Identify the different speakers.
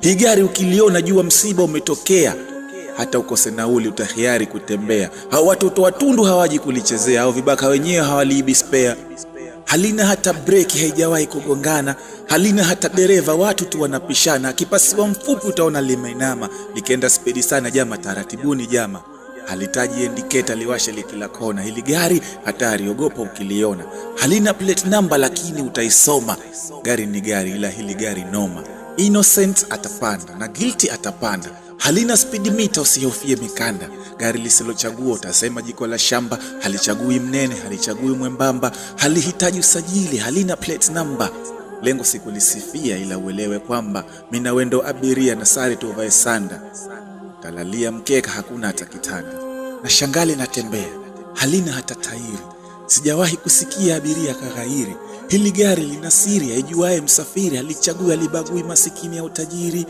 Speaker 1: Hii gari ukiliona jua msiba umetokea, hata ukose nauli utahiari kutembea. Hao watoto watundu hawaji kulichezea, au vibaka wenyewe hawaliibi spea. Halina hata breki, haijawahi kugongana, halina hata dereva, watu tu wanapishana. Akipasiwa mfupi utaona limeinama, likienda spidi sana jama, taratibuni jama halitaji indiketa liwashe likila kona. Hili gari hatari, ogopa ukiliona. Halina plate number, lakini utaisoma. Gari ni gari, ila hili gari noma innocent atapanda na guilty atapanda. Halina speed meter, usihofie mikanda. Gari lisilochagua utasema jiko la shamba. Halichagui mnene, halichagui mwembamba, halihitaji usajili, halina plate number. Lengo si kulisifia, ila uelewe kwamba mimi na wendo abiria, na sare vae sanda. Kalalia mkeka, hakuna hata kitanda, na shangali natembea, halina hata tairi. Sijawahi kusikia abiria kaghairi. Hili gari lina siri, aijuaye msafiri, halichagui halibagui masikini au tajiri.